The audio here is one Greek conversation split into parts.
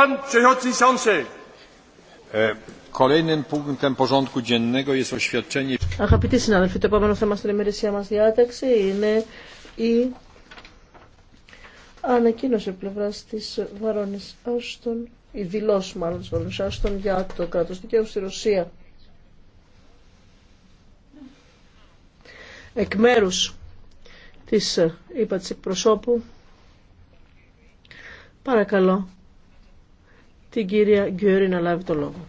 Pan przewodniczący. E, kolejnym punktem porządku dziennego jest oświadczenie. Αγαπητοί συνάδελφοι, το επόμενο θέμα στην ημερησία μα διάταξη είναι η ανακοίνωση πλευρά τη Βαρόνη Άστον, η δηλώση μάλλον τη Βαρόνη Άστον για το κράτο δικαίου στη Ρωσία. Εκ μέρου τη είπα τη εκπροσώπου, παρακαλώ την κυρία Γκιόρη να λάβει το λόγο.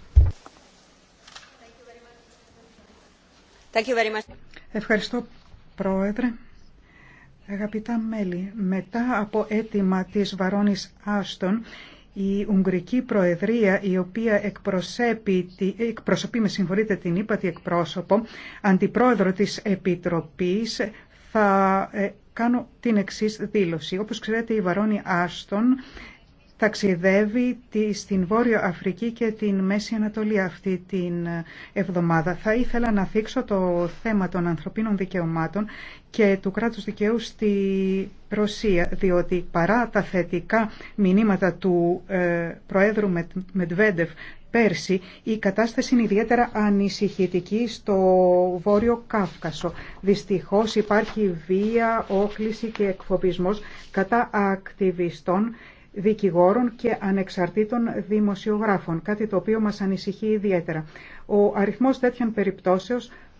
Ευχαριστώ, Πρόεδρε. Αγαπητά μέλη, μετά από αίτημα της Βαρόνης Άστον, η Ουγγρική Προεδρία, η οποία εκπροσωπεί, με συγχωρείτε την τη εκπρόσωπο, αντιπρόεδρο της Επιτροπής, θα ε, κάνω την εξής δήλωση. Όπως ξέρετε, η Βαρόνη Άστον ταξιδεύει στην Βόρειο Αφρική και την Μέση Ανατολή αυτή την εβδομάδα. Θα ήθελα να θίξω το θέμα των ανθρωπίνων δικαιωμάτων και του κράτους δικαίου στη Ρωσία, διότι παρά τα θετικά μηνύματα του ε, Προέδρου Μετβέντεφ πέρσι, η κατάσταση είναι ιδιαίτερα ανησυχητική στο Βόρειο Κάυκασο. Δυστυχώς υπάρχει βία, όκληση και εκφοβισμός κατά ακτιβιστών δικηγόρων και ανεξαρτήτων δημοσιογράφων, κάτι το οποίο μας ανησυχεί ιδιαίτερα. Ο αριθμός τέτοιων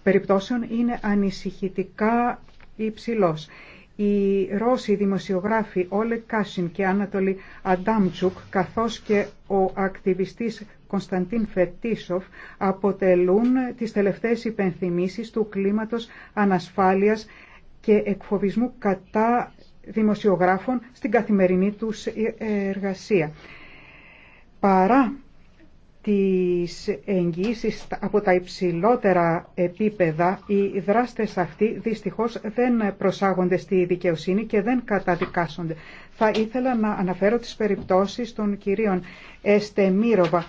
περιπτώσεων είναι ανησυχητικά υψηλός. Οι Ρώσοι δημοσιογράφοι Όλε Κάσιν και Ανατολή Αντάμτσουκ, καθώς και ο ακτιβιστής Κωνσταντίν Φετίσοφ, αποτελούν τις τελευταίες υπενθυμίσεις του κλίματος ανασφάλειας και εκφοβισμού κατά δημοσιογράφων στην καθημερινή τους εργασία. Παρά τις εγγύσεις από τα υψηλότερα επίπεδα, οι δράστες αυτοί δυστυχώς δεν προσάγονται στη δικαιοσύνη και δεν καταδικάσονται. Θα ήθελα να αναφέρω τις περιπτώσεις των κυρίων Εστεμίροβα,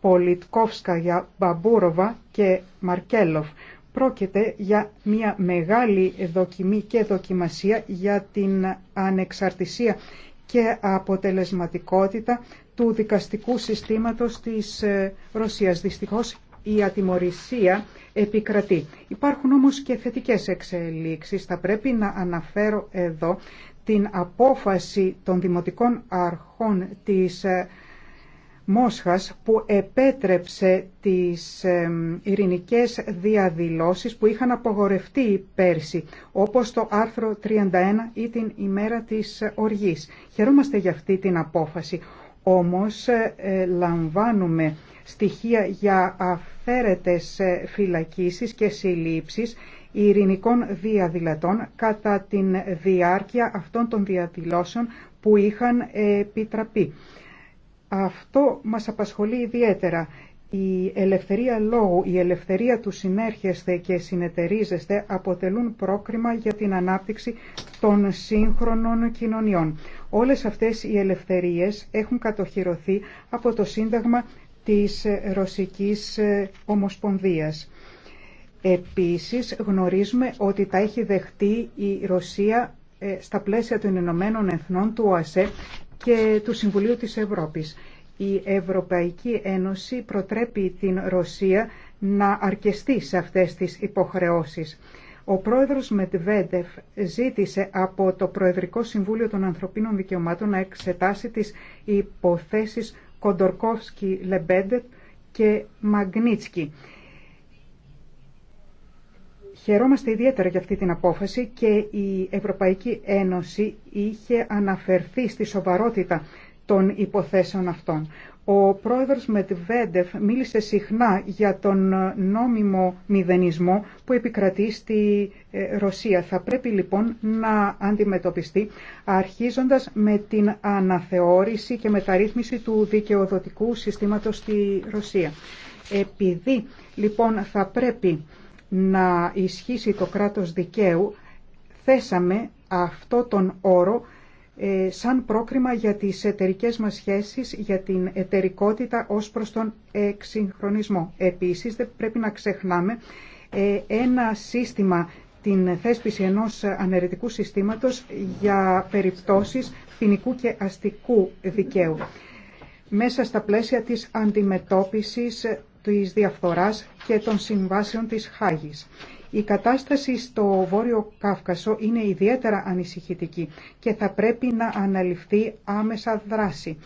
Πολιτκόφσκα, Μπαμπούροβα και Μαρκέλοφ Πρόκειται για μια μεγάλη δοκιμή και δοκιμασία για την ανεξαρτησία και αποτελεσματικότητα του δικαστικού συστήματος της ε, Ρωσίας. Δυστυχώς η ατιμορρησία επικρατεί. Υπάρχουν όμως και θετικές εξελίξεις. Θα πρέπει να αναφέρω εδώ την απόφαση των δημοτικών αρχών της ε, Μόσχας που επέτρεψε τις ειρηνικές διαδηλώσεις που είχαν απογορευτεί πέρσι, όπως το άρθρο 31 ή την ημέρα της οργής. Χαιρόμαστε για αυτή την απόφαση, όμως ε, ε, λαμβάνουμε στοιχεία για αφαίρετες ε, φυλακίσεις και συλλήψεις ειρηνικών διαδηλατών κατά την διάρκεια αυτών των διαδηλώσεων που είχαν επιτραπεί. Αυτό μας απασχολεί ιδιαίτερα. Η ελευθερία λόγου, η ελευθερία του συνέρχεστε και συνεταιρίζεστε αποτελούν πρόκριμα για την ανάπτυξη των σύγχρονων κοινωνιών. Όλες αυτές οι ελευθερίες έχουν κατοχυρωθεί από το Σύνταγμα της Ρωσικής Ομοσπονδίας. Επίσης γνωρίζουμε ότι τα έχει δεχτεί η Ρωσία ε, στα πλαίσια των Ηνωμένων Εθνών του ΟΑΣΕ και του Συμβουλίου της Ευρώπης. Η Ευρωπαϊκή Ένωση προτρέπει την Ρωσία να αρκεστεί σε αυτές τις υποχρεώσεις. Ο πρόεδρος Μετβέντεφ ζήτησε από το Προεδρικό Συμβούλιο των Ανθρωπίνων Δικαιωμάτων να εξετάσει τις υποθέσεις Κοντορκόφσκι-Λεμπέντεφ και Μαγνίτσκι Χαιρόμαστε ιδιαίτερα για αυτή την απόφαση και η Ευρωπαϊκή Ένωση είχε αναφερθεί στη σοβαρότητα των υποθέσεων αυτών. Ο πρόεδρος Μετβέντεφ μίλησε συχνά για τον νόμιμο μηδενισμό που επικρατεί στη ε, Ρωσία. Θα πρέπει λοιπόν να αντιμετωπιστεί αρχίζοντας με την αναθεώρηση και μεταρρύθμιση του δικαιοδοτικού συστήματος στη Ρωσία. Επειδή λοιπόν θα πρέπει να ισχύσει το κράτος δικαίου, θέσαμε αυτό τον όρο ε, σαν πρόκριμα για τις εταιρικέ μας σχέσεις, για την εταιρικότητα ως προς τον εξυγχρονισμό. Επίσης, δεν πρέπει να ξεχνάμε ε, ένα σύστημα, την θέσπιση ενός αναιρετικού συστήματος για περιπτώσεις ποινικού και αστικού δικαίου μέσα στα πλαίσια της αντιμετώπισης της διαφθοράς και των συμβάσεων της Χάγης. Η κατάσταση στο Βόρειο Κάφκασο είναι ιδιαίτερα ανησυχητική και θα πρέπει να αναλυφθεί άμεσα δράση.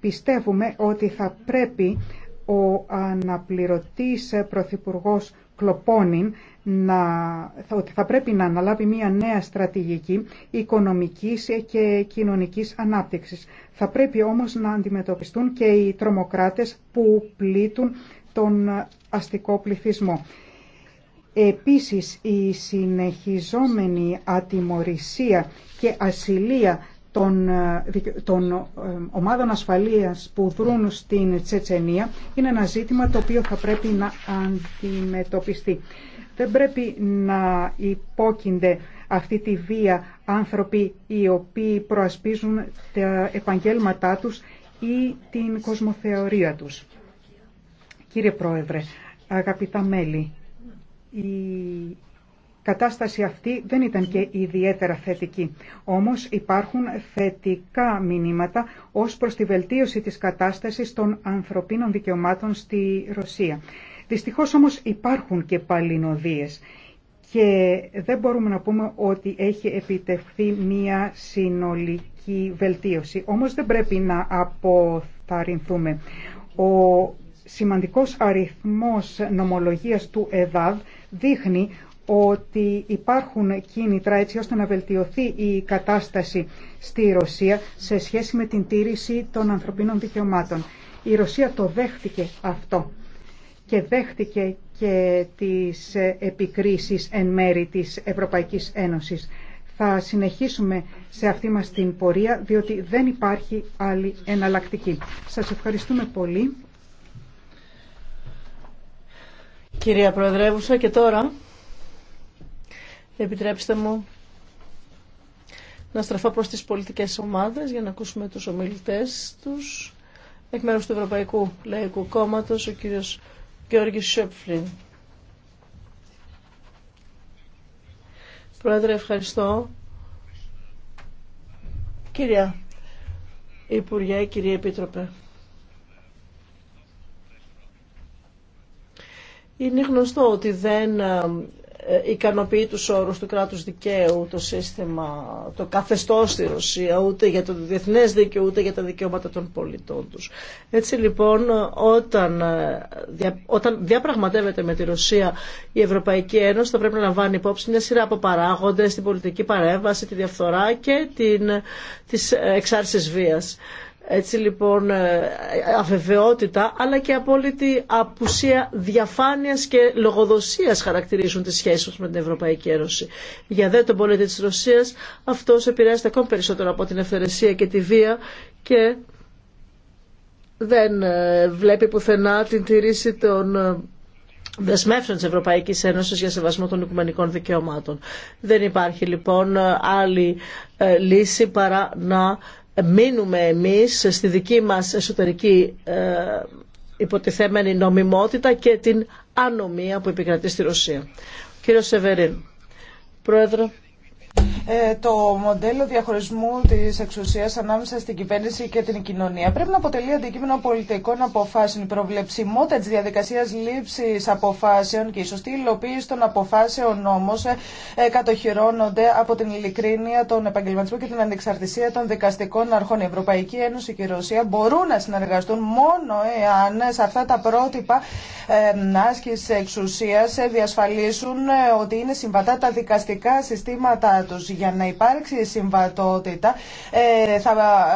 Πιστεύουμε ότι θα πρέπει ο αναπληρωτής Πρωθυπουργός Κλοπόνιν να, ότι θα πρέπει να αναλάβει μια νέα στρατηγική οικονομικής και κοινωνικής ανάπτυξης. Θα πρέπει όμως να αντιμετωπιστούν και οι τρομοκράτες που πλήττουν τον αστικό πληθυσμό. Επίσης, η συνεχιζόμενη ατιμορρησία και ασυλία των, των ομάδων ασφαλείας που δρούν στην Τσετσενία είναι ένα ζήτημα το οποίο θα πρέπει να αντιμετωπιστεί. Δεν πρέπει να υπόκεινται αυτή τη βία άνθρωποι οι οποίοι προασπίζουν τα επαγγέλματά τους ή την κοσμοθεωρία τους. Κύριε Πρόεδρε, αγαπητά μέλη, η κατάσταση αυτή δεν ήταν και ιδιαίτερα θετική. Όμως υπάρχουν θετικά μηνύματα ως προς τη βελτίωση της κατάστασης των ανθρωπίνων δικαιωμάτων στη Ρωσία. Δυστυχώς όμως υπάρχουν και παλινοδίες και δεν μπορούμε να πούμε ότι έχει επιτευχθεί μία συνολική βελτίωση. Όμως δεν πρέπει να αποθαρρυνθούμε. Ο σημαντικός αριθμός νομολογίας του ΕΔΑΔ δείχνει ότι υπάρχουν κίνητρα έτσι ώστε να βελτιωθεί η κατάσταση στη Ρωσία σε σχέση με την τήρηση των ανθρωπίνων δικαιωμάτων. Η Ρωσία το δέχτηκε αυτό και δέχτηκε και τις επικρίσεις εν μέρη της Ευρωπαϊκής Ένωσης. Θα συνεχίσουμε σε αυτή μας την πορεία διότι δεν υπάρχει άλλη εναλλακτική. Σας ευχαριστούμε πολύ. κυρία Προεδρεύουσα και τώρα επιτρέψτε μου να στραφώ προς τις πολιτικές ομάδες για να ακούσουμε τους ομιλητές τους εκ μέρους του Ευρωπαϊκού Λαϊκού Κόμματος ο κύριος Γιώργης Σέπφλιν. Πρόεδρε, ευχαριστώ. Κυρία Υπουργέ, κύριε Επίτροπε. Είναι γνωστό ότι δεν ε, ε, ικανοποιεί τους όρους του κράτους δικαίου το σύστημα, το καθεστώς στη Ρωσία, ούτε για το διεθνές δίκαιο, ούτε για τα δικαιώματα των πολιτών τους. Έτσι λοιπόν, όταν, ε, όταν διαπραγματεύεται με τη Ρωσία η Ευρωπαϊκή Ένωση, θα πρέπει να λαμβάνει υπόψη μια σειρά από παράγοντες, την πολιτική παρέμβαση, τη διαφθορά και την, τις εξάρσεις βίας. Έτσι λοιπόν ε, αβεβαιότητα αλλά και απόλυτη απουσία διαφάνειας και λογοδοσίας χαρακτηρίζουν τις σχέσεις μας με την Ευρωπαϊκή Ένωση. Για δε τον πολίτη της Ρωσίας αυτός επηρεάζεται ακόμη περισσότερο από την ευθερεσία και τη βία και δεν ε, βλέπει πουθενά την τηρήση των ε, δεσμεύσεων της Ευρωπαϊκής Ένωσης για σεβασμό των οικουμενικών δικαιωμάτων. Δεν υπάρχει λοιπόν άλλη λύση παρά να μείνουμε εμείς στη δική μας εσωτερική ε, υποτιθέμενη νομιμότητα και την ανομία που επικρατεί στη Ρωσία. Κύριο Σεβερίν, Πρόεδρο, ε, το μοντέλο διαχωρισμού τη εξουσία ανάμεσα στην κυβέρνηση και την κοινωνία. Πρέπει να αποτελεί αντικείμενο πολιτικών αποφάσεων. Η προβλεψιμότητα τη διαδικασία λήψη αποφάσεων και η σωστή υλοποίηση των αποφάσεων όμως ε, ε, κατοχυρώνονται από την ειλικρίνεια, τον επαγγελματισμό και την ανεξαρτησία των δικαστικών αρχών. Η Ευρωπαϊκή Ένωση και η Ρωσία μπορούν να συνεργαστούν μόνο εάν σε αυτά τα πρότυπα άσκηση εξουσίας διασφαλίσουν ότι είναι συμβατά τα δικαστικά συστήματά του. Για να υπάρξει συμβατότητα ε, θα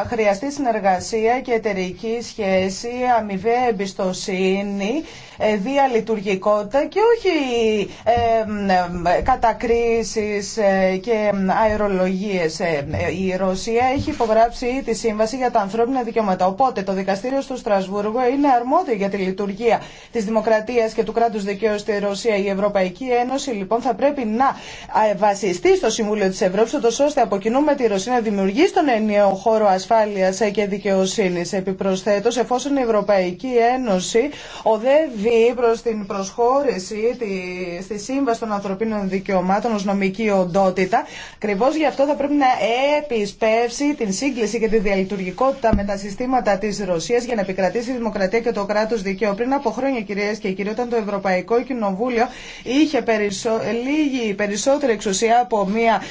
χρειαστεί συνεργασία και εταιρική σχέση, αμοιβαία εμπιστοσύνη, διαλειτουργικότητα ε, και όχι ε, κατακρίσεις και αερολογίες. Η Ρωσία έχει υπογράψει τη Σύμβαση για τα Ανθρώπινα Δικαιώματα. Οπότε το Δικαστήριο στο Στρασβούργο είναι αρμόδιο για τη λειτουργία της δημοκρατίας και του κράτους δικαίου στη Ρωσία. Η Ευρωπαϊκή Ένωση λοιπόν θα πρέπει να βασιστεί στο Συμβούλιο Ευρώπη, ώστε από κοινού με τη Ρωσία να δημιουργήσει τον ενιαίο χώρο ασφάλεια και δικαιοσύνη. Επιπροσθέτω, εφόσον η Ευρωπαϊκή Ένωση οδεύει προ την προσχώρηση στη Σύμβαση των Ανθρωπίνων Δικαιωμάτων ω νομική οντότητα, ακριβώ γι' αυτό θα πρέπει να επισπεύσει την σύγκληση και τη διαλειτουργικότητα με τα συστήματα τη Ρωσία για να επικρατήσει η δημοκρατία και το κράτο δικαίου. Πριν από χρόνια, κυρίε και κύριοι, όταν το Ευρωπαϊκό Κοινοβούλιο είχε περισσο... λίγη περισσότερη εξουσία από μία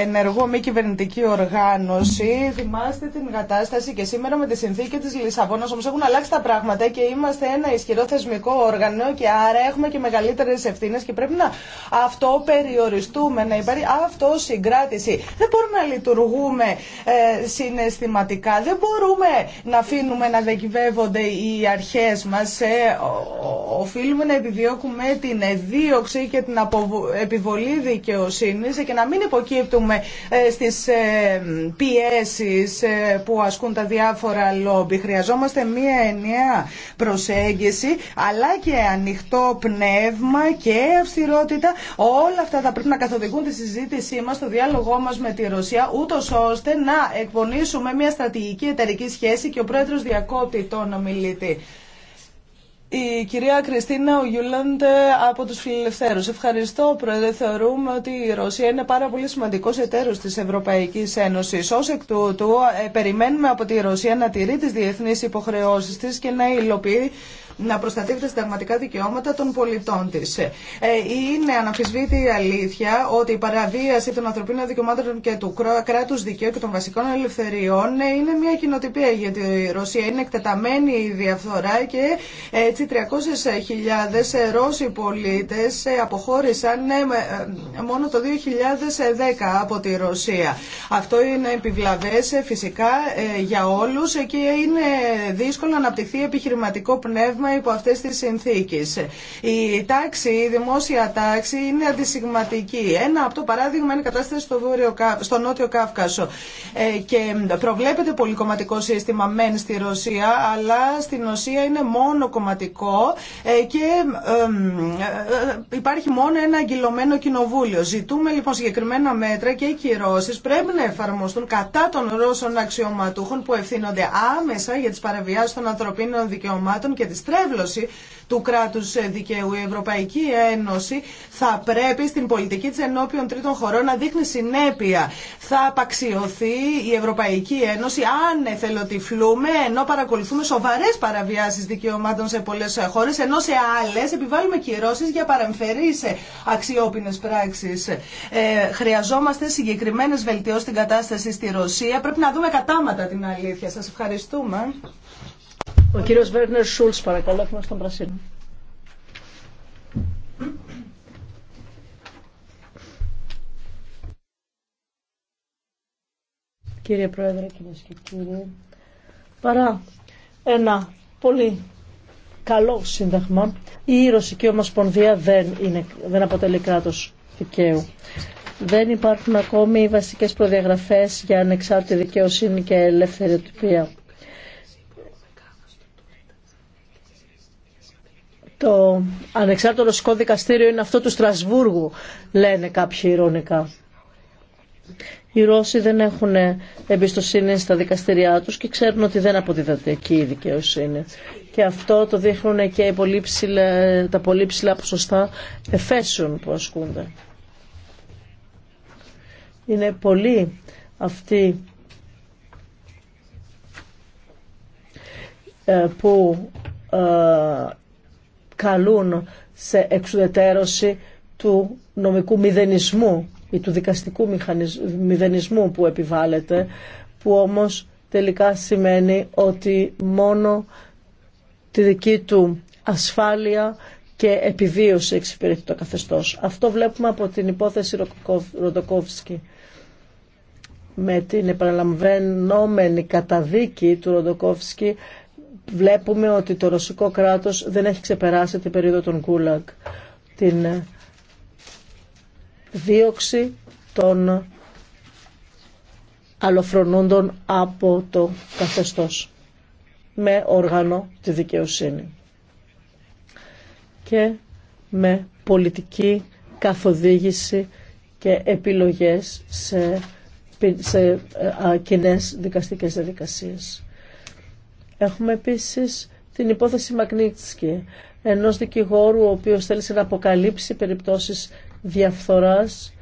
ενεργό μη κυβερνητική οργάνωση. Θυμάστε την κατάσταση και σήμερα με τη συνθήκη τη Λισαβόνα, όμω έχουν αλλάξει τα πράγματα και είμαστε ένα ισχυρό θεσμικό όργανο και άρα έχουμε και μεγαλύτερε ευθύνε και πρέπει να αυτοπεριοριστούμε να υπάρχει αυτοσυγκράτηση. Δεν μπορούμε να λειτουργούμε ε, συναισθηματικά, δεν μπορούμε να αφήνουμε να δεκυβεύονται οι αρχέ μα. Ε, οφείλουμε να επιδιώκουμε την δίωξη και την επιβολή δικαιοσύνη και να να μην υποκύπτουμε ε, στις ε, πιέσεις ε, που ασκούν τα διάφορα λόμπι. Χρειαζόμαστε μία ενιαία προσέγγιση, αλλά και ανοιχτό πνεύμα και αυστηρότητα. Όλα αυτά θα πρέπει να καθοδηγούν τη συζήτησή μας, το διάλογό μας με τη Ρωσία, ούτω ώστε να εκπονήσουμε μία στρατηγική εταιρική σχέση και ο Πρόεδρος διακόπτει τον ομιλητή. Η κυρία Κριστίνα Ογιούλαντ ε, από τους Φιλελευθέρους. Ευχαριστώ, Πρόεδρε. Θεωρούμε ότι η Ρωσία είναι πάρα πολύ σημαντικός εταίρος της Ευρωπαϊκής Ένωσης. Ως εκ τούτου, ε, περιμένουμε από τη Ρωσία να τηρεί τις διεθνείς υποχρεώσεις της και να υλοποιεί να προστατεύει τα συνταγματικά δικαιώματα των πολιτών τη. Ε, είναι αναμφισβήτη αλήθεια ότι η παραβίαση των ανθρωπίνων δικαιωμάτων και του κράτου δικαίου και των βασικών ελευθεριών ε, είναι μια κοινοτυπία γιατί η Ρωσία. Είναι εκτεταμένη η διαφθορά και ε, έτσι 300.000 Ρώσοι πολίτε αποχώρησαν μόνο το 2010 από τη Ρωσία. Αυτό είναι επιβλαβέ φυσικά για όλου και είναι δύσκολο να αναπτυχθεί επιχειρηματικό πνεύμα ζούμε υπό αυτέ τι συνθήκε. Η τάξη, η δημόσια τάξη είναι αντισυγματική. Ένα από το παράδειγμα είναι η κατάσταση στο, Βόρειο, στο Νότιο Κάφκασο. Ε, και προβλέπεται πολυκομματικό σύστημα μεν στη Ρωσία, αλλά στην ουσία είναι μόνο κομματικό ε, και ε, υπάρχει μόνο ένα αγγυλωμένο κοινοβούλιο. Ζητούμε λοιπόν συγκεκριμένα μέτρα και οι κυρώσει πρέπει να εφαρμοστούν κατά των Ρώσων αξιωματούχων που ευθύνονται άμεσα για τι παραβιάσει των ανθρωπίνων δικαιωμάτων και τι του κράτου δικαίου. Η Ευρωπαϊκή Ένωση θα πρέπει στην πολιτική τη ενώπιον τρίτων χωρών να δείχνει συνέπεια. Θα απαξιωθεί η Ευρωπαϊκή Ένωση αν εθελοτυφλούμε ενώ παρακολουθούμε σοβαρέ παραβιάσει δικαιωμάτων σε πολλέ χώρε, ενώ σε άλλε επιβάλλουμε κυρώσει για σε αξιόπινε πράξεις. Ε, χρειαζόμαστε συγκεκριμένε βελτιώσει στην κατάσταση στη Ρωσία. Πρέπει να δούμε κατάματα την αλήθεια. Σα ευχαριστούμε. Ο κύριος Βέρνερ Σούλτς, παρακαλώ, έχουμε στον Πρασίνο. Κύριε Πρόεδρε, κύριε και κύριοι, παρά ένα πολύ καλό σύνταγμα, η Ρωσική Ομοσπονδία δεν, είναι, δεν αποτελεί κράτος δικαίου. Δεν υπάρχουν ακόμη οι βασικές προδιαγραφές για ανεξάρτητη δικαιοσύνη και ελεύθερη τυπία. Το ανεξάρτητο ρωσικό δικαστήριο είναι αυτό του Στρασβούργου, λένε κάποιοι ηρωνικά. Οι Ρώσοι δεν έχουν εμπιστοσύνη στα δικαστήριά τους και ξέρουν ότι δεν αποδίδεται εκεί η δικαιοσύνη. Και αυτό το δείχνουν και τα πολύ ψηλά ποσοστά εφέσεων που ασκούνται. Είναι πολύ αυτοί ε, που ε, καλούν σε εξουδετερώση του νομικού μηδενισμού ή του δικαστικού μηδενισμού που επιβάλλεται, που όμως τελικά σημαίνει ότι μόνο τη δική του ασφάλεια και επιβίωση εξυπηρετεί το καθεστώς. Αυτό βλέπουμε από την υπόθεση Ροντοκόφσκι με την επαναλαμβανόμενη καταδίκη του Ροντοκόφσκι βλέπουμε ότι το ρωσικό κράτος δεν έχει ξεπεράσει την περίοδο των Κούλακ. την ε, δίωξη των αλλοφρονούντων από το καθεστώς με όργανο τη δικαιοσύνη και με πολιτική καθοδήγηση και επιλογές σε, σε ε, α, κοινές δικαστικές διαδικασίες. Έχουμε επίσης την υπόθεση Μαγνίτσκι, ενός δικηγόρου ο οποίος θέλησε να αποκαλύψει περιπτώσεις διαφθοράς,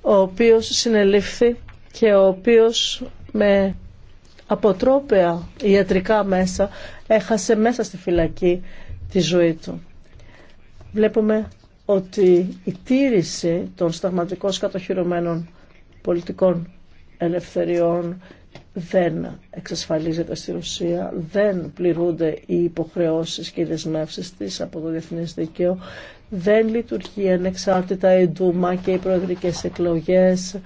ο οποίος συνελήφθη και ο οποίος με αποτρόπαια ιατρικά μέσα έχασε μέσα στη φυλακή τη ζωή του. Βλέπουμε ότι η τήρηση των σταγματικώς κατοχυρωμένων πολιτικών ελευθεριών δεν εξασφαλίζεται στη Ρωσία, δεν πληρούνται οι υποχρεώσεις και οι δεσμεύσεις της από το διεθνές δικαίο, δεν λειτουργεί ανεξάρτητα η Ντούμα και οι προεδρικές εκλογές,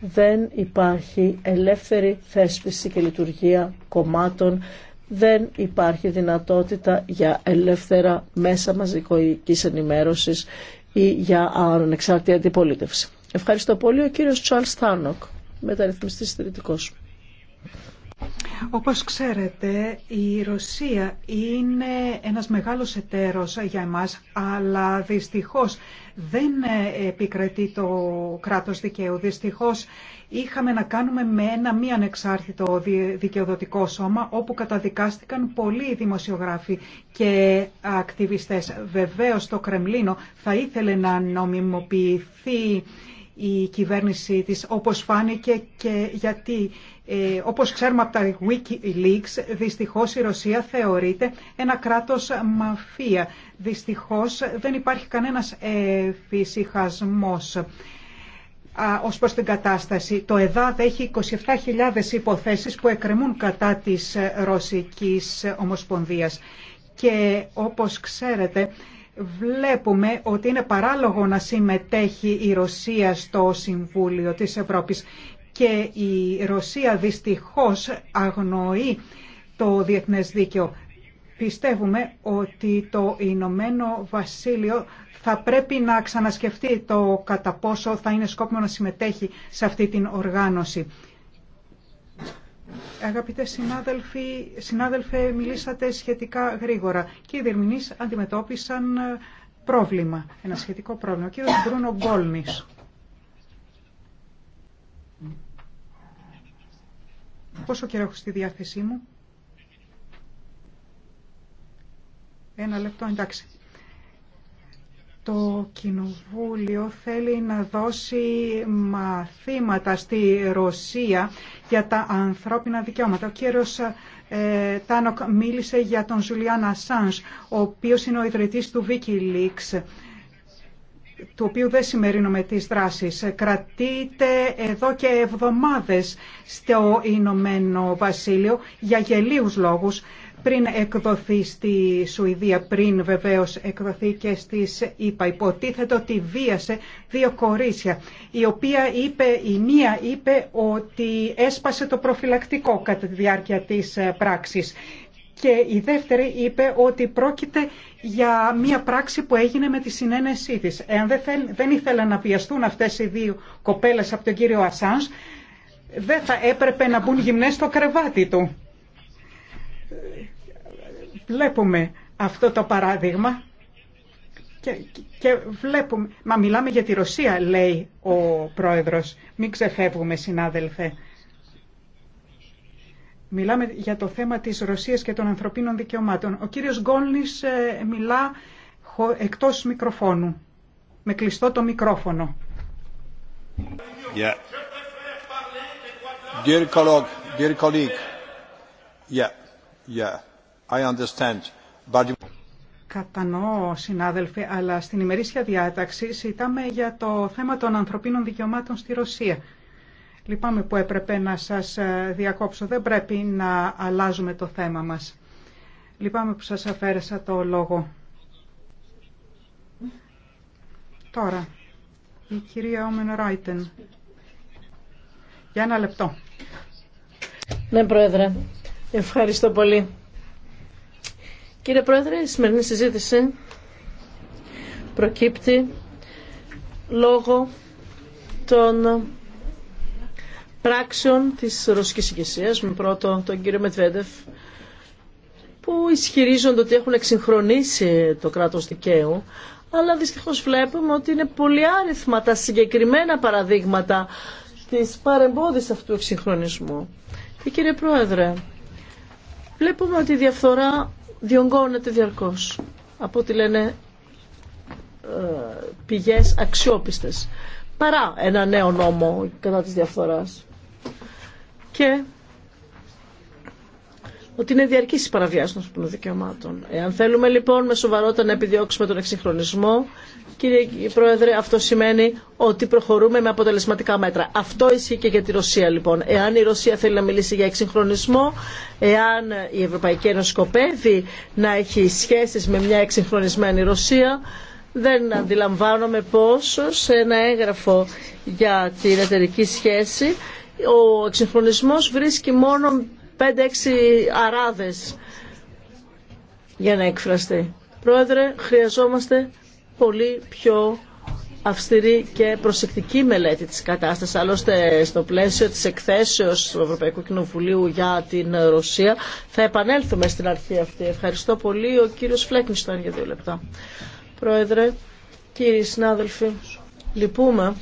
δεν υπάρχει ελεύθερη θέσπιση και λειτουργία κομμάτων, δεν υπάρχει δυνατότητα για ελεύθερα μέσα μαζικοϊκής ενημέρωσης ή για ανεξάρτητη αντιπολίτευση. Ευχαριστώ πολύ ο κύριος Τσουαλ Στάνοκ, μεταρρυθμιστής όπως ξέρετε, η Ρωσία είναι ένας μεγάλος εταίρος για εμάς, αλλά δυστυχώς δεν επικρατεί το κράτος δικαίου. Δυστυχώς είχαμε να κάνουμε με ένα μη ανεξάρτητο δικαιοδοτικό σώμα, όπου καταδικάστηκαν πολλοί δημοσιογράφοι και ακτιβιστές. Βεβαίως το Κρεμλίνο θα ήθελε να νομιμοποιηθεί η κυβέρνησή της, όπως φάνηκε και γιατί, ε, όπως ξέρουμε από τα Wikileaks, δυστυχώς η Ρωσία θεωρείται ένα κράτος μαφία. Δυστυχώς δεν υπάρχει κανένας φυσιχασμός ως προς την κατάσταση. Το ΕΔΑΔ έχει 27.000 υποθέσεις που εκκρεμούν κατά της Ρωσικής Ομοσπονδίας. Και όπως ξέρετε, βλέπουμε ότι είναι παράλογο να συμμετέχει η Ρωσία στο Συμβούλιο της Ευρώπης και η Ρωσία δυστυχώς αγνοεί το διεθνές δίκαιο. Πιστεύουμε ότι το Ηνωμένο Βασίλειο θα πρέπει να ξανασκεφτεί το κατά πόσο θα είναι σκόπιμο να συμμετέχει σε αυτή την οργάνωση. Αγαπητέ συνάδελφοι, συνάδελφε, μιλήσατε σχετικά γρήγορα και οι διερμηνείς αντιμετώπισαν ε, πρόβλημα, ένα σχετικό πρόβλημα. Ο κύριος Μπρούνο Πόσο καιρό έχω στη διάθεσή μου. Ένα λεπτό, εντάξει το Κοινοβούλιο θέλει να δώσει μαθήματα στη Ρωσία για τα ανθρώπινα δικαιώματα. Ο κύριος ε, Τάνοκ μίλησε για τον Ζουλιάν Ασάνς, ο οποίος είναι ο ιδρυτής του Wikileaks του οποίου δεν συμμερίνομαι τις δράσεις. Κρατείται εδώ και εβδομάδες στο Ηνωμένο Βασίλειο για γελίους λόγους πριν εκδοθεί στη Σουηδία, πριν βεβαίως εκδοθεί και στις ΗΠΑ. Υποτίθεται ότι βίασε δύο κορίτσια, η οποία είπε, η μία είπε ότι έσπασε το προφυλακτικό κατά τη διάρκεια της ε, πράξης. Και η δεύτερη είπε ότι πρόκειται για μία πράξη που έγινε με τη συνένεσή της. Εάν δεν ήθελαν να πιαστούν αυτές οι δύο κοπέλες από τον κύριο Ασάνς, δεν θα έπρεπε να μπουν γυμνές στο κρεβάτι του βλέπουμε αυτό το παράδειγμα και, και βλέπουμε, μα μιλάμε για τη Ρωσία λέει ο πρόεδρος, μην ξεφεύγουμε συνάδελφε. Μιλάμε για το θέμα της Ρωσίας και των ανθρωπίνων δικαιωμάτων. Ο κύριος Γκόλνης ε, μιλά εκτός μικροφώνου, με κλειστό το μικρόφωνο. Yeah. Dear colleague, dear Κατανοώ, συνάδελφε, αλλά στην ημερήσια διάταξη συζητάμε για το θέμα των ανθρωπίνων δικαιωμάτων στη Ρωσία. Λυπάμαι που έπρεπε να σας ε, διακόψω. Δεν πρέπει να αλλάζουμε το θέμα μας. Λυπάμαι που σας αφαίρεσα το λόγο. Τώρα, η κυρία Όμεν Ράιτεν. Για ένα λεπτό. Ναι, Πρόεδρε. Ευχαριστώ πολύ. Κύριε Πρόεδρε, η σημερινή συζήτηση προκύπτει λόγω των πράξεων της ρωσικής ηγεσίας, με πρώτο τον κύριο Μετβέντεφ, που ισχυρίζονται ότι έχουν εξυγχρονίσει το κράτος δικαίου, αλλά δυστυχώς βλέπουμε ότι είναι πολύ άριθμα τα συγκεκριμένα παραδείγματα της παρεμπόδισης αυτού του εξυγχρονισμού. Και κύριε Πρόεδρε, βλέπουμε ότι η διαφθορά διονγκώνεται διαρκώς από ό,τι λένε ε, πηγές αξιόπιστες παρά ένα νέο νόμο κατά της διαφθοράς και ότι είναι διαρκή η παραβιάση των δικαιωμάτων. Εάν θέλουμε λοιπόν με σοβαρότητα να επιδιώξουμε τον εξυγχρονισμό κύριε Πρόεδρε, αυτό σημαίνει ότι προχωρούμε με αποτελεσματικά μέτρα. Αυτό ισχύει και για τη Ρωσία λοιπόν. Εάν η Ρωσία θέλει να μιλήσει για εξυγχρονισμό, εάν η Ευρωπαϊκή Ένωση σκοπεύει να έχει σχέσεις με μια εξυγχρονισμένη Ρωσία, δεν αντιλαμβάνομαι πόσο σε ένα έγγραφο για την εταιρική σχέση ο εξυγχρονισμός βρίσκει μόνο 5-6 αράδες για να εκφραστεί. Πρόεδρε, χρειαζόμαστε πολύ πιο αυστηρή και προσεκτική μελέτη της κατάστασης. Άλλωστε στο πλαίσιο της εκθέσεως του Ευρωπαϊκού Κοινοβουλίου για την Ρωσία θα επανέλθουμε στην αρχή αυτή. Ευχαριστώ πολύ. Ο κύριος Φλέκνιστον για δύο λεπτά. Πρόεδρε, κύριοι συνάδελφοι, λυπούμε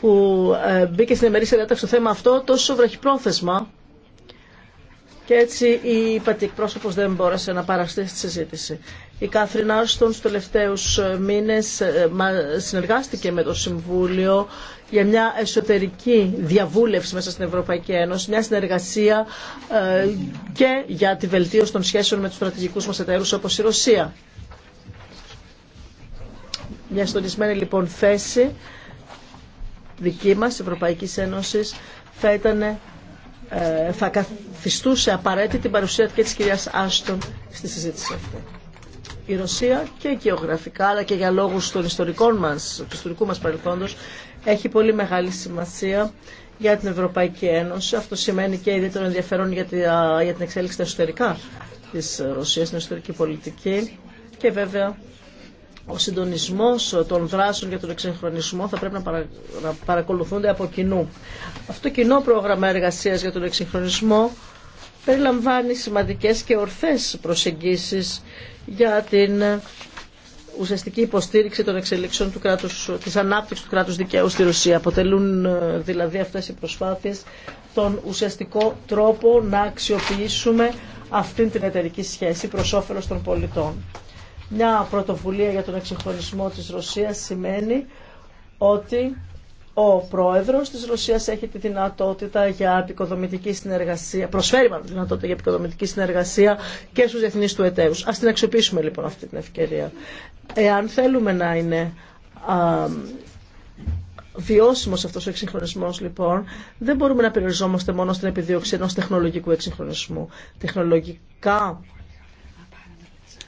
που ε, μπήκε στην εμερή διάταξη το θέμα αυτό τόσο βραχυπρόθεσμα και έτσι η πατήκ πρόσωπος δεν μπόρεσε να παραστεί στη συζήτηση. Η Κάθριν Άρστον στους τελευταίους ε, μήνες ε, συνεργάστηκε με το Συμβούλιο για μια εσωτερική διαβούλευση μέσα στην Ευρωπαϊκή Ένωση, μια συνεργασία ε, και για τη βελτίωση των σχέσεων με τους στρατηγικούς μας εταίρους όπως η Ρωσία. Μια στονισμένη λοιπόν θέση δική μας, Ευρωπαϊκής Ένωσης, θα θα καθιστούσε απαραίτητη την παρουσία και της κυρίας Άστον στη συζήτηση αυτή η Ρωσία και γεωγραφικά αλλά και για λόγους των ιστορικών μας, του ιστορικού μας παρελθόντος έχει πολύ μεγάλη σημασία για την Ευρωπαϊκή Ένωση. Αυτό σημαίνει και ιδιαίτερο ενδιαφέρον για, για την εξέλιξη εσωτερικά της Ρωσίας, στην εσωτερική πολιτική και βέβαια ο συντονισμός των δράσεων για τον εξυγχρονισμό θα πρέπει να παρακολουθούνται από κοινού. Αυτό το κοινό πρόγραμμα εργασίας για τον εξυγχρονισμό περιλαμβάνει σημαντικές και ορθές προσεγγίσεις για την ουσιαστική υποστήριξη των εξελίξεων του κράτους, της ανάπτυξης του κράτους δικαίου στη Ρωσία. Αποτελούν ε, δηλαδή αυτές οι προσπάθειες τον ουσιαστικό τρόπο να αξιοποιήσουμε αυτήν την εταιρική σχέση προς όφελος των πολιτών. Μια πρωτοβουλία για τον εξεχωρισμό της Ρωσίας σημαίνει ότι ο πρόεδρος της Ρωσίας έχει τη δυνατότητα για επικοδομητική συνεργασία, προσφέρει μάλλον τη δυνατότητα για επικοδομητική συνεργασία και στους διεθνείς του εταίρους. Ας την αξιοποιήσουμε λοιπόν αυτή την ευκαιρία. Εάν θέλουμε να είναι α, βιώσιμος αυτός ο εξυγχρονισμός λοιπόν, δεν μπορούμε να περιοριζόμαστε μόνο στην επιδίωξη ενός τεχνολογικού εξυγχρονισμού. Τεχνολογικά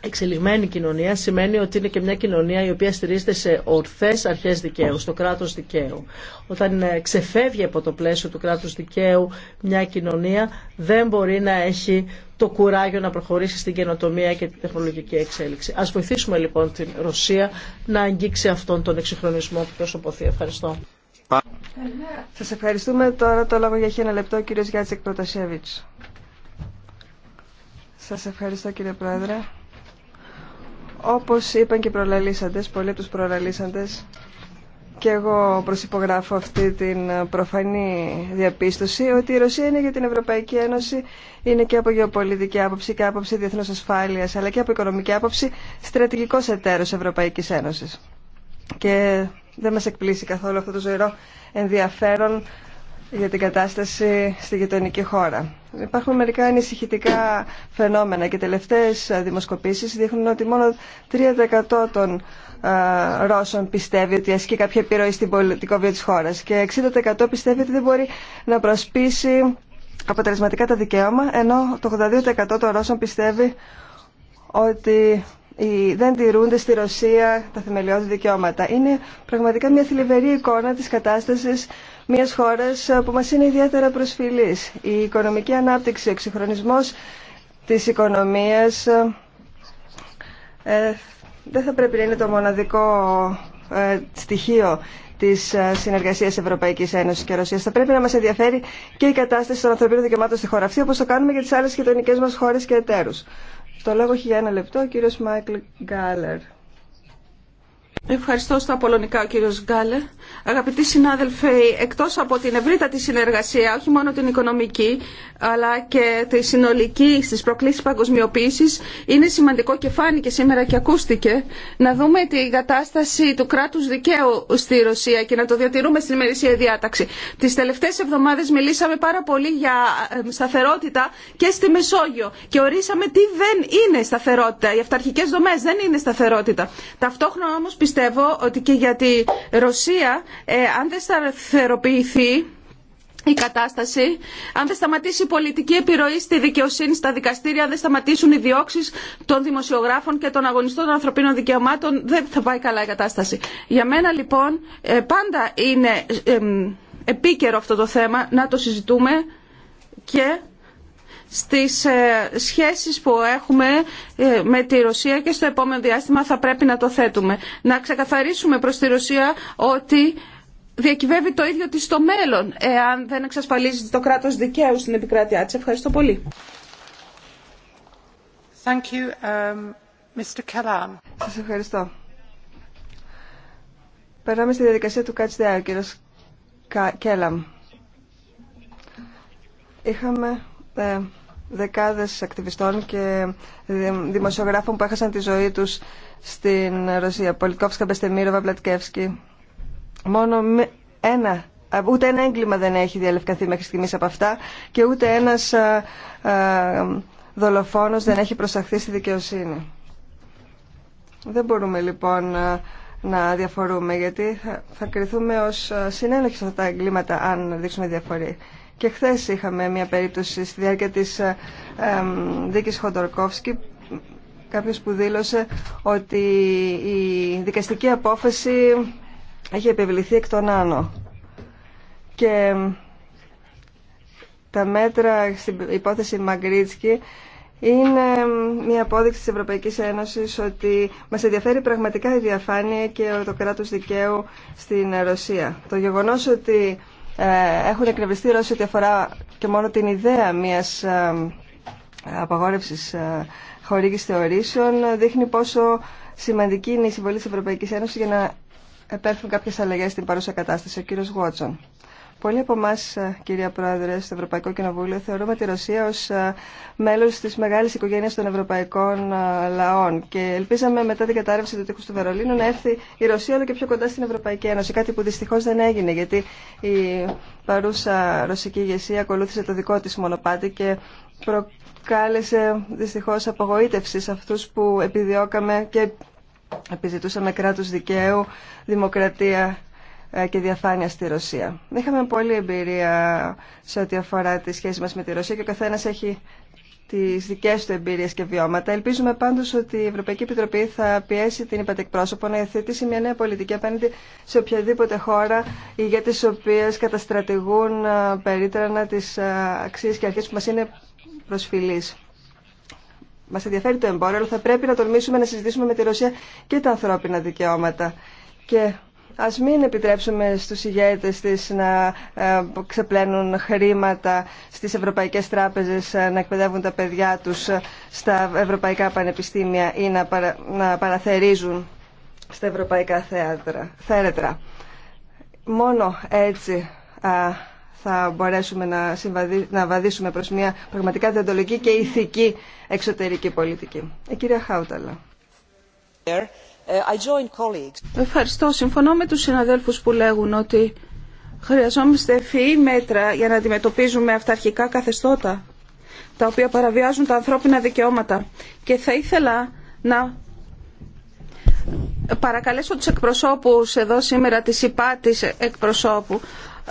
εξελιγμένη κοινωνία σημαίνει ότι είναι και μια κοινωνία η οποία στηρίζεται σε ορθές αρχές δικαίου, στο κράτος δικαίου. Όταν ε, ξεφεύγει από το πλαίσιο του κράτους δικαίου μια κοινωνία δεν μπορεί να έχει το κουράγιο να προχωρήσει στην καινοτομία και την τεχνολογική εξέλιξη. Ας βοηθήσουμε λοιπόν την Ρωσία να αγγίξει αυτόν τον εξυγχρονισμό που προσωποθεί. Ευχαριστώ. Σας ευχαριστούμε. Τώρα το λόγο για ένα λεπτό ο κύριος Γιάτσεκ Προτασέβιτς. Σας ευχαριστώ κύριε Πρόεδρε. Όπως είπαν και οι προλαλήσαντες, πολλοί τους προλαλήσαντες, και εγώ προσυπογράφω αυτή την προφανή διαπίστωση ότι η Ρωσία είναι για την Ευρωπαϊκή Ένωση είναι και από γεωπολιτική άποψη και άποψη διεθνούς ασφάλειας αλλά και από οικονομική άποψη στρατηγικός εταίρος Ευρωπαϊκής Ένωσης. Και δεν μας εκπλήσει καθόλου αυτό το ζωηρό ενδιαφέρον για την κατάσταση στη γειτονική χώρα. Υπάρχουν μερικά ανησυχητικά φαινόμενα και τελευταίες δημοσκοπήσεις δείχνουν ότι μόνο 3% των Ρώσων πιστεύει ότι ασκεί κάποια επιρροή στην πολιτικό βίο της χώρας και 60% πιστεύει ότι δεν μπορεί να προσπίσει αποτελεσματικά τα δικαίωμα ενώ το 82% των Ρώσων πιστεύει ότι δεν τηρούνται στη Ρωσία τα θεμελιώδη δικαιώματα. Είναι πραγματικά μια θλιβερή εικόνα της κατάστασης μιας χώρας ε, που μας είναι ιδιαίτερα προσφυλής. Η οικονομική ανάπτυξη, ο εξυγχρονισμός της οικονομίας ε, ε, δεν θα πρέπει να είναι το μοναδικό στοιχείο τη συνεργασίας Ευρωπαϊκής Ένωσης και Ρωσίας. Θα πρέπει να μας ενδιαφέρει και η κατάσταση των ανθρωπίνων δικαιωμάτων στη χώρα αυτή, όπω το κάνουμε για τι άλλε γειτονικέ μα χώρε και εταίρους. Το λόγο έχει για ένα λεπτό ο κύριο Μάικλ Γκάλερ. Ευχαριστώ στα πολωνικά ο κύριος Γκάλε. Αγαπητοί συνάδελφοι, εκτός από την ευρύτατη συνεργασία, όχι μόνο την οικονομική, αλλά και τη συνολική στις προκλήσεις παγκοσμιοποίησης, είναι σημαντικό και φάνηκε σήμερα και ακούστηκε να δούμε την κατάσταση του κράτους δικαίου στη Ρωσία και να το διατηρούμε στην ημερησία διάταξη. Τις τελευταίες εβδομάδες μιλήσαμε πάρα πολύ για σταθερότητα και στη Μεσόγειο και ορίσαμε τι δεν είναι σταθερότητα. Οι αυταρχικές δομές δεν είναι σταθερότητα. Ταυτόχρονα όμως πιστεύω ότι και για τη Ρωσία, ε, αν δεν σταθεροποιηθεί η κατάσταση, αν δεν σταματήσει η πολιτική επιρροή στη δικαιοσύνη, στα δικαστήρια, αν δεν σταματήσουν οι διώξει των δημοσιογράφων και των αγωνιστών των ανθρωπίνων δικαιωμάτων, δεν θα πάει καλά η κατάσταση. Για μένα λοιπόν ε, πάντα είναι ε, επίκαιρο αυτό το θέμα να το συζητούμε και στις ε, σχέσεις που έχουμε ε, με τη Ρωσία και στο επόμενο διάστημα θα πρέπει να το θέτουμε. Να ξεκαθαρίσουμε προς τη Ρωσία ότι διακυβεύει το ίδιο της στο μέλλον εάν δεν εξασφαλίζει το κράτος δικαίου στην επικράτειά της. Ευχαριστώ πολύ. Thank you, um, Σας ευχαριστώ. Περνάμε στη διαδικασία του Catch the κύριος Κέλαμ. Είχαμε ε, δεκάδες ακτιβιστών και δημοσιογράφων που έχασαν τη ζωή τους στην Ρωσία. Πολικόφσκα, Μπεστεμίροβα, Βλατκεύσκη. Μόνο ένα, ούτε ένα έγκλημα δεν έχει διαλευκανθεί μέχρι στιγμής από αυτά και ούτε ένας δολοφόνος δεν έχει προσαχθεί στη δικαιοσύνη. Δεν μπορούμε λοιπόν να διαφορούμε γιατί θα, θα κριθούμε ως σε αυτά τα εγκλήματα αν δείξουμε διαφορή. Και χθε είχαμε μια περίπτωση στη διάρκεια τη ε, Χοντορκόφσκι κάποιος που δήλωσε ότι η δικαστική απόφαση έχει επιβληθεί εκ των άνω. Και τα μέτρα στην υπόθεση Μαγκρίτσκι είναι μια απόδειξη της Ευρωπαϊκής Ένωσης ότι μας ενδιαφέρει πραγματικά η διαφάνεια και το κράτος δικαίου στην Ρωσία. Το γεγονός ότι ε, έχουν εκνευριστεί οι Ρώσοι ότι αφορά και μόνο την ιδέα μιας ε, απαγόρευσης ε, χορήγησης θεωρήσεων δείχνει πόσο σημαντική είναι η συμβολή της Ευρωπαϊκής Ένωσης για να επέλθουν κάποιες αλλαγές στην παρούσα κατάσταση. Ο κύριος Γουότσον. Πολλοί από εμά, ε, κυρία Πρόεδρε, στο Ευρωπαϊκό Κοινοβούλιο θεωρούμε τη Ρωσία ω ε, μέλο τη μεγάλη οικογένεια των ευρωπαϊκών ε, λαών. Και ελπίζαμε μετά την κατάρρευση του τείχου του Βερολίνου να έρθει η Ρωσία όλο και πιο κοντά στην Ευρωπαϊκή Ένωση. Κάτι που δυστυχώ δεν έγινε, γιατί η παρούσα ρωσική ηγεσία ακολούθησε το δικό τη μονοπάτι και προκάλεσε δυστυχώ απογοήτευση σε αυτού που επιδιώκαμε και επιζητούσαμε κράτο δικαίου, δημοκρατία ε, και διαφάνεια στη Ρωσία. Είχαμε πολλή εμπειρία σε ό,τι αφορά τη σχέση μας με τη Ρωσία και ο καθένας έχει τις δικές του εμπειρίες και βιώματα. Ελπίζουμε πάντως ότι η Ευρωπαϊκή Επιτροπή θα πιέσει την υπατεκπρόσωπο να υιοθετήσει μια νέα πολιτική απέναντι σε οποιαδήποτε χώρα για τις οποίες καταστρατηγούν ε, περίτρανα τις ε, αξίες και αρχές που μας είναι προσφυλή. Μα ενδιαφέρει το εμπόριο, αλλά θα πρέπει να τολμήσουμε να συζητήσουμε με τη Ρωσία και τα ανθρώπινα δικαιώματα. Και Ας μην επιτρέψουμε στους ηγέτες της να ε, ξεπλένουν χρήματα στις ευρωπαϊκές τράπεζες, ε, να εκπαιδεύουν τα παιδιά τους ε, στα ευρωπαϊκά πανεπιστήμια ή να, παραθερίζουν στα ευρωπαϊκά θέατρα, θέρετρα. Μόνο έτσι θα μπορέσουμε να, συμβαδί, να βαδίσουμε προς μια πραγματικά διοντολογική και ηθική εξωτερική πολιτική. Η κυρία Χάουταλα. Ευχαριστώ. Συμφωνώ με τους συναδέλφους που λέγουν ότι χρειαζόμαστε ευφυή μέτρα για να αντιμετωπίζουμε αυταρχικά καθεστώτα τα οποία παραβιάζουν τα ανθρώπινα δικαιώματα. Και θα ήθελα να παρακαλέσω τους εκπροσώπους εδώ σήμερα της ΥΠΑ της εκπροσώπου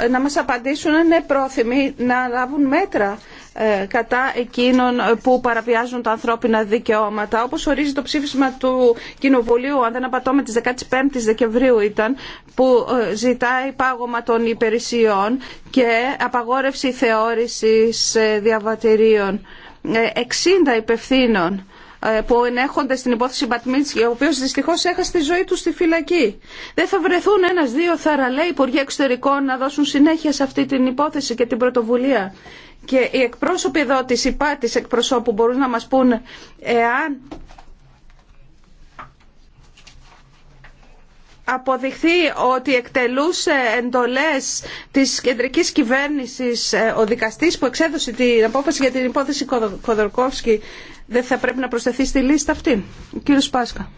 να μας απαντήσουν αν είναι πρόθυμοι να λάβουν μέτρα ε, κατά εκείνων που παραβιάζουν τα ανθρώπινα δικαιώματα. Όπως ορίζει το ψήφισμα του Κοινοβουλίου, αν δεν απατώ με τις 15 Δεκεμβρίου ήταν, που ε, ζητάει πάγωμα των υπηρεσιών και απαγόρευση θεώρησης ε, διαβατηρίων 60 υπευθύνων ε, που ενέχονται στην υπόθεση Μπατμίτσκι, ο οποίο δυστυχώ έχασε τη ζωή του στη φυλακή. Δεν θα βρεθούν ένα δύο θαραλέοι υπουργοί εξωτερικών να δώσουν συνέχεια σε αυτή την υπόθεση και την πρωτοβουλία. Και οι εκπρόσωποι εδώ τη ΥΠΑ, εκπροσώπου, μπορούν να μα πούν εάν αποδειχθεί ότι εκτελούσε εντολές της κεντρικής κυβέρνησης ε, ο δικαστής που εξέδωσε την απόφαση για την υπόθεση Κοδορκόφσκη δεν θα πρέπει να προσθεθεί στη λίστα αυτή. Ο κύριος Πάσκα.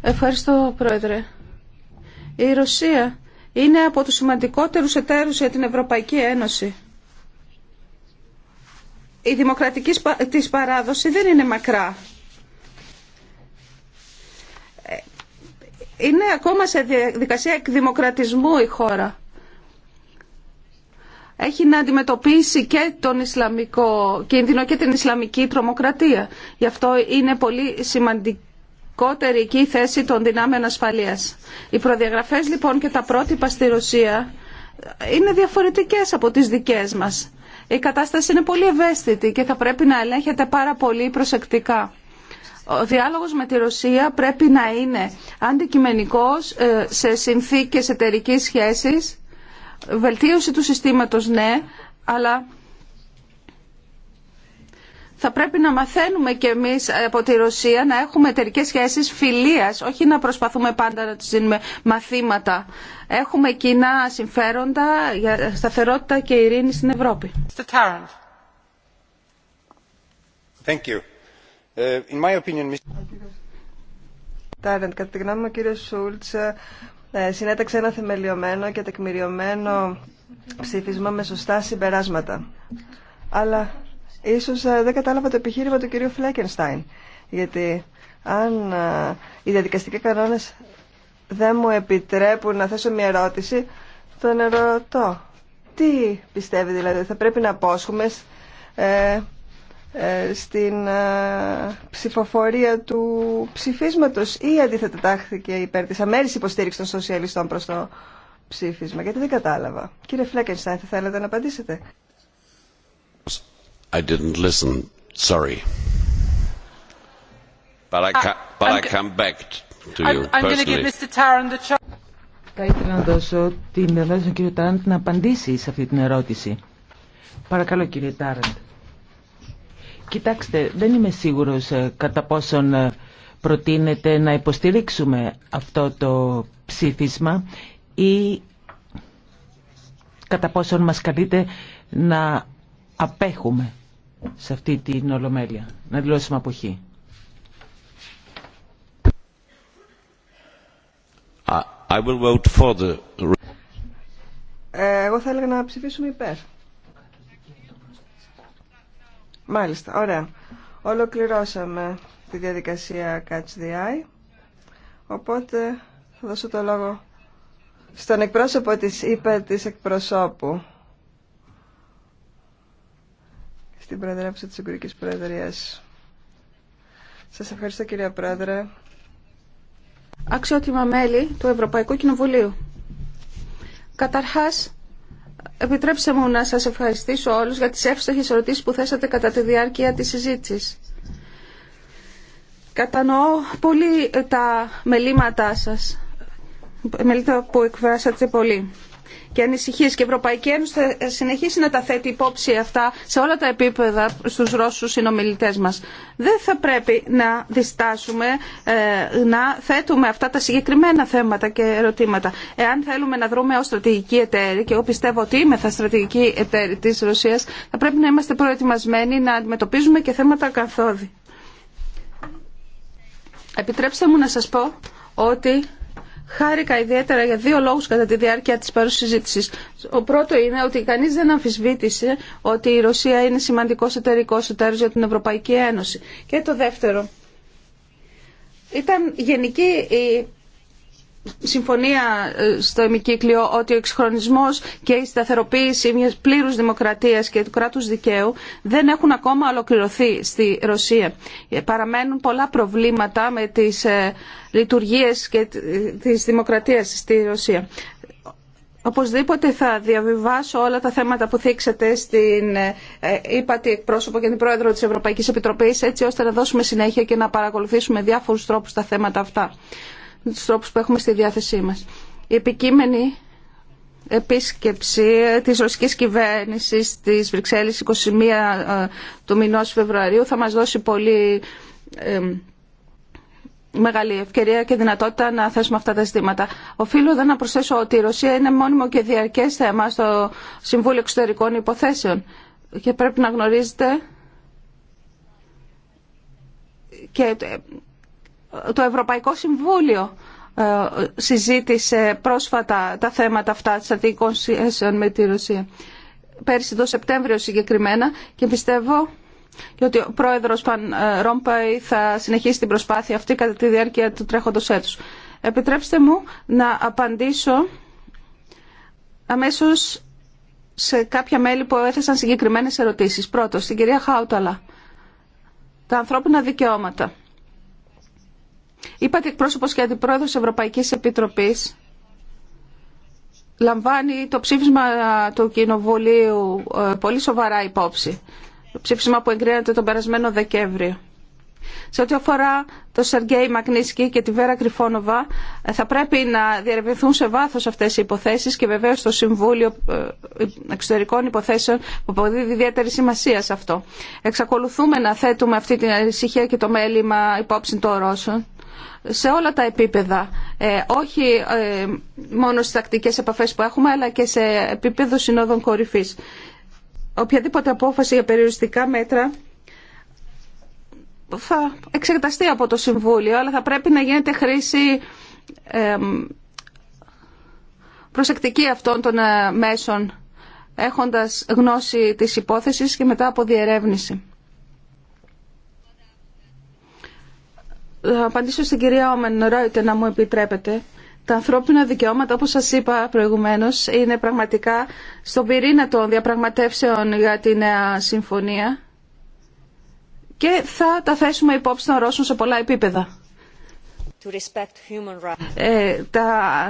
Ευχαριστώ, Πρόεδρε. Η Ρωσία είναι από τους σημαντικότερους εταίρους για την Ευρωπαϊκή Ένωση. Η δημοκρατική της παράδοση δεν είναι μακρά. Ε, είναι ακόμα σε διαδικασία εκδημοκρατισμού η χώρα έχει να αντιμετωπίσει και τον Ισλαμικό κίνδυνο και την Ισλαμική τρομοκρατία. Γι' αυτό είναι πολύ σημαντικότερη εκεί η θέση των δυνάμεων ασφαλείας. Οι προδιαγραφές λοιπόν και τα πρότυπα στη Ρωσία είναι διαφορετικές από τις δικές μας. Η κατάσταση είναι πολύ ευαίσθητη και θα πρέπει να ελέγχεται πάρα πολύ προσεκτικά. Ο διάλογος με τη Ρωσία πρέπει να είναι αντικειμενικός ε, σε συνθήκες εταιρικής σχέσης βελτίωση του συστήματος ναι, αλλά θα πρέπει να μαθαίνουμε κι εμείς από τη Ρωσία να έχουμε εταιρικέ σχέσεις φιλίας, όχι να προσπαθούμε πάντα να τους δίνουμε μαθήματα. Έχουμε κοινά συμφέροντα για σταθερότητα και ειρήνη στην Ευρώπη. Thank you. Ε, in my opinion, Mr. κατά τη ε, συνέταξε ένα θεμελιωμένο και τεκμηριωμένο ψήφισμα με σωστά συμπεράσματα. Αλλά ίσως ε, δεν κατάλαβα το επιχείρημα του κυρίου Φλέκενστάιν. Γιατί αν ε, οι διαδικαστικοί κανόνες δεν μου επιτρέπουν να θέσω μια ερώτηση, τον ερωτώ. Τι πιστεύει δηλαδή, θα πρέπει να απόσχουμε ε, στην ε, ψηφοφορία του ψηφίσματος ή αντίθετα τάχθηκε υπέρ της αμέρης υποστήριξης των σοσιαλιστών προς το ψήφισμα. Γιατί δεν κατάλαβα. Κύριε Φλέκενστάιν, θα θέλετε να απαντήσετε. I didn't listen. Sorry. But I, but I come back to you Θα ήθελα να δώσω την ευαίσθηση στον κύριο Τάραντ να απαντήσει σε αυτή την ερώτηση. Παρακαλώ κύριε Τάραντ. Κοιτάξτε, δεν είμαι σίγουρος ε, κατά πόσον ε, προτείνεται να υποστηρίξουμε αυτό το ψήφισμα ή κατά πόσον μας καλείτε να απέχουμε σε αυτή την ολομέλεια, να δηλώσουμε αποχή. I will vote for the... Ε, εγώ θα έλεγα να ψηφίσουμε υπέρ. Μάλιστα, ωραία. Ολοκληρώσαμε τη διαδικασία Catch the Eye. Οπότε θα δώσω το λόγο στον εκπρόσωπο της είπε της εκπροσώπου στην Προεδρεύουσα της Ουγγρικής Προεδρίας. Σας ευχαριστώ κυρία Πρόεδρε. Αξιότιμα μέλη του Ευρωπαϊκού Κοινοβουλίου. Καταρχάς, Επιτρέψτε μου να σας ευχαριστήσω όλους για τις εύστοχες ερωτήσεις που θέσατε κατά τη διάρκεια της συζήτησης. Κατανοώ πολύ τα μελήματά σας, μελήματα που εκφράσατε πολύ και ανησυχίε. Και η Ευρωπαϊκή Ένωση θα συνεχίσει να τα θέτει υπόψη αυτά σε όλα τα επίπεδα στου Ρώσου συνομιλητέ μα. Δεν θα πρέπει να διστάσουμε ε, να θέτουμε αυτά τα συγκεκριμένα θέματα και ερωτήματα. Εάν θέλουμε να δρούμε ω στρατηγική εταίρη, και εγώ πιστεύω ότι είμαι θα στρατηγική εταίρη της Ρωσίας, θα πρέπει να είμαστε προετοιμασμένοι να αντιμετωπίζουμε και θέματα καθόδη. Επιτρέψτε μου να σας πω ότι Χάρηκα ιδιαίτερα για δύο λόγους κατά τη διάρκεια της παρούς συζήτησης. Ο πρώτο είναι ότι κανείς δεν αμφισβήτησε ότι η Ρωσία είναι σημαντικός εταιρικός εταίρος για την Ευρωπαϊκή Ένωση. Και το δεύτερο, ήταν γενική η συμφωνία ε, στο ημικύκλιο ότι ο εξχρονισμός και η σταθεροποίηση μιας πλήρους δημοκρατίας και του κράτους δικαίου δεν έχουν ακόμα ολοκληρωθεί στη Ρωσία. Ε, παραμένουν πολλά προβλήματα με τις ε, λειτουργίες και της δημοκρατίας στη Ρωσία. Οπωσδήποτε θα διαβιβάσω όλα τα θέματα που θίξατε στην ύπατη εκπρόσωπο και την πρόεδρο της Ευρωπαϊκής Επιτροπής έτσι ώστε να δώσουμε συνέχεια και να παρακολουθήσουμε διάφορους τρόπους τα θέματα αυτά τους τρόπους που έχουμε στη διάθεσή μας. Η επικείμενη επίσκεψη της ρωσικής κυβέρνησης της Βρυξέλλης 21 ε, του μηνός Φεβρουαρίου θα μας δώσει πολύ ε, μεγάλη ευκαιρία και δυνατότητα να θέσουμε αυτά τα ζητήματα. Οφείλω εδώ να προσθέσω ότι η Ρωσία είναι μόνιμο και διαρκές θέμα στο Συμβούλιο Εξωτερικών Υποθέσεων και πρέπει να γνωρίζετε και ε, το Ευρωπαϊκό Συμβούλιο ε, συζήτησε πρόσφατα τα θέματα αυτά της αδίκων σχέσεων με τη Ρωσία. Πέρσι το Σεπτέμβριο συγκεκριμένα και πιστεύω ότι ο πρόεδρος Παν ε, Ρόμπαϊ θα συνεχίσει την προσπάθεια αυτή κατά τη διάρκεια του τρέχοντος έτους. Επιτρέψτε μου να απαντήσω αμέσως σε κάποια μέλη που έθεσαν συγκεκριμένες ερωτήσεις. Πρώτος, στην κυρία Χάουταλα, τα ανθρώπινα δικαιώματα. Είπατε εκπρόσωπος και αντιπρόεδρος Ευρωπαϊκής Επιτροπής λαμβάνει το ψήφισμα του Κοινοβουλίου ε, πολύ σοβαρά υπόψη. Το ψήφισμα που εγκρίνεται τον περασμένο Δεκέμβριο. Σε ό,τι αφορά το Σεργέη Μακνίσκι και τη Βέρα Κρυφόνοβα, ε, θα πρέπει να διερευνηθούν σε βάθο αυτέ οι υποθέσει και βεβαίω το Συμβούλιο ε, Εξωτερικών Υποθέσεων που αποδίδει ιδιαίτερη σημασία σε αυτό. Εξακολουθούμε να θέτουμε αυτή την ανησυχία και το μέλημα υπόψη των Ρώσων σε όλα τα επίπεδα, ε, όχι ε, μόνο στις τακτικές επαφές που έχουμε, αλλά και σε επίπεδο συνόδων κορυφής. Οποιαδήποτε απόφαση για περιοριστικά μέτρα θα εξεταστεί από το Συμβούλιο, αλλά θα πρέπει να γίνεται χρήση προσεκτική αυτών των ε, μέσων, έχοντας γνώση της υπόθεσης και μετά από διερεύνηση. Θα απαντήσω στην κυρία Όμεν Ρόιτε να μου επιτρέπετε. Τα ανθρώπινα δικαιώματα, όπως σας είπα προηγουμένως, είναι πραγματικά στον πυρήνα των διαπραγματεύσεων για τη νέα συμφωνία και θα τα θέσουμε υπόψη των Ρώσων σε πολλά επίπεδα. Ε, τα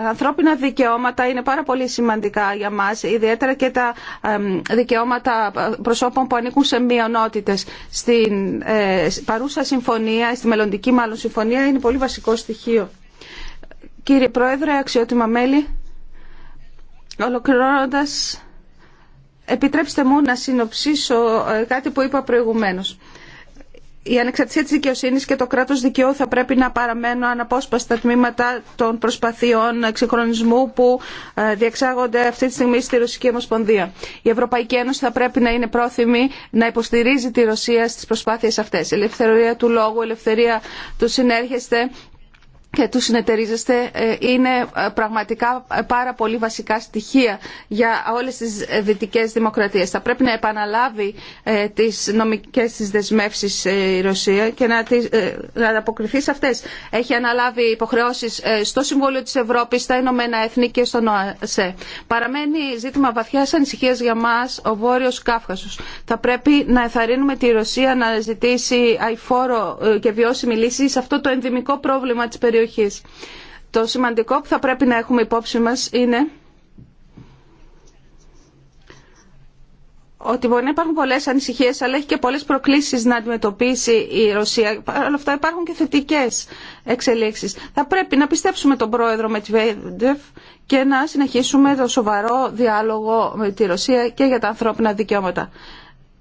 ανθρώπινα δικαιώματα είναι πάρα πολύ σημαντικά για μας, ιδιαίτερα και τα δικαιώματα προσώπων που ανήκουν σε μειονότητες. Στην ε, παρούσα συμφωνία, στη μελλοντική μάλλον συμφωνία, είναι πολύ βασικό στοιχείο. Κύριε Πρόεδρε, αξιότιμα μέλη, ολοκληρώνοντας, επιτρέψτε μου να συνοψίσω ε, κάτι που είπα προηγουμένως η ανεξαρτησία της δικαιοσύνης και το κράτος δικαιού θα πρέπει να παραμένουν αναπόσπαστα τμήματα των προσπαθειών εξυγχρονισμού που ε, διεξάγονται αυτή τη στιγμή στη Ρωσική Ομοσπονδία. Η Ευρωπαϊκή Ένωση θα πρέπει να είναι πρόθυμη να υποστηρίζει τη Ρωσία στις προσπάθειες αυτές. Η ελευθερία του λόγου, η ελευθερία του συνέρχεστε, και του συνεταιρίζεστε ε, είναι ε, πραγματικά ε, πάρα πολύ βασικά στοιχεία για όλες τις δυτικές δημοκρατίες. Θα πρέπει να επαναλάβει τις νομικές της δεσμεύσεις η Ρωσία και να, τις, να ανταποκριθεί σε αυτές. Έχει αναλάβει υποχρεώσεις στο Συμβούλιο της Ευρώπης, στα Ηνωμένα Έθνη και στον ΟΑΣΕ. Παραμένει ζήτημα βαθιάς ανησυχίας για μας ο Βόρειος Κάφκασος. Θα πρέπει να εθαρρύνουμε τη Ρωσία να ζητήσει αηφόρο και βιώσιμη λύση σε αυτό το ενδυμικό πρόβλημα της περιοχή. Το σημαντικό που θα πρέπει να έχουμε υπόψη μας είναι ότι μπορεί να υπάρχουν πολλές ανησυχίες, αλλά έχει και πολλές προκλήσεις να αντιμετωπίσει η Ρωσία. Παρ' όλα αυτά υπάρχουν και θετικέ εξελίξει. Θα πρέπει να πιστέψουμε τον πρόεδρο Μετβέντεφ και να συνεχίσουμε το σοβαρό διάλογο με τη Ρωσία και για τα ανθρώπινα δικαιώματα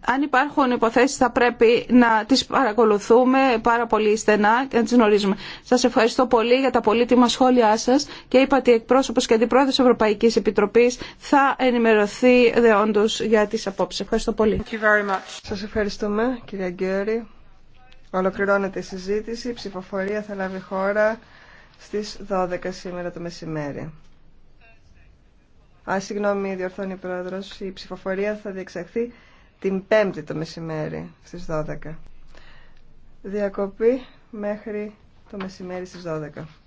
αν υπάρχουν υποθέσεις θα πρέπει να τις παρακολουθούμε πάρα πολύ στενά και να τις γνωρίζουμε. Σας ευχαριστώ πολύ για τα πολύτιμα σχόλιά σας και είπα ότι εκπρόσωπος και αντιπρόεδρος Ευρωπαϊκής Επιτροπής θα ενημερωθεί δεόντως για τις απόψεις. Ευχαριστώ πολύ. Thank Σας ευχαριστούμε κυρία Γκέρι. Ολοκληρώνεται η συζήτηση. Η ψηφοφορία θα λάβει χώρα στις 12 σήμερα το μεσημέρι. Α, συγγνώμη, διορθώνει η πρόεδρος. Η ψηφοφορία θα διεξαχθεί την Πέμπτη το μεσημέρι στις 12. Διακοπή μέχρι το μεσημέρι στις 12.